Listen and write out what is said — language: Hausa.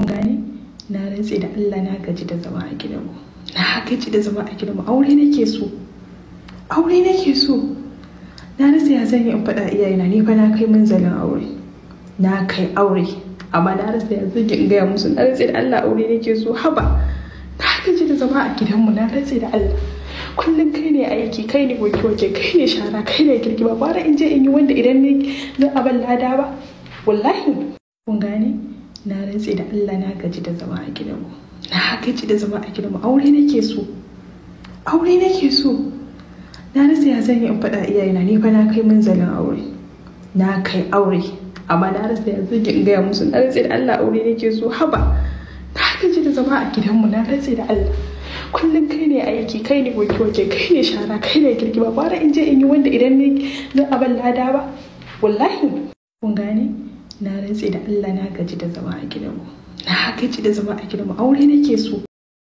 kun gane na rantse da Allah na gaji da zama a gidanmu na gaji da zama a gidanmu aure nake so aure nake so na rantse ya zan yi in faɗa iyayena ni fa na kai munzalin aure na kai aure amma na rantse ya zan in gaya musu na rantse da Allah aure nake so haba na gaji da zama a gidanmu na rantse da Allah kullum kai ne aiki kai ne goke goke kai ne shara kai ne girki ba bara in je in yi wanda idan ne za a ban lada ba wallahi kun gane na rantse da Allah na gaji da zama a gidanmu na gaji da zama a gidanmu aure nake so aure nake so na rasa ya zan yi in faɗa na ni fa na kai munzalin aure na kai aure amma na rasa ya zan yi in gaya musu na rantse da Allah aure nake so haba na gaji da zama a gidanmu na rantse da Allah kullum kai ne aiki kai ne wake goke kai ne shara kai ne Ba bara in je in yi wanda idan ne a abin lada ba wallahi kun gane na rantse da Allah na gaji da zama a gidanmu na gaji da zama a gidanmu aure nake so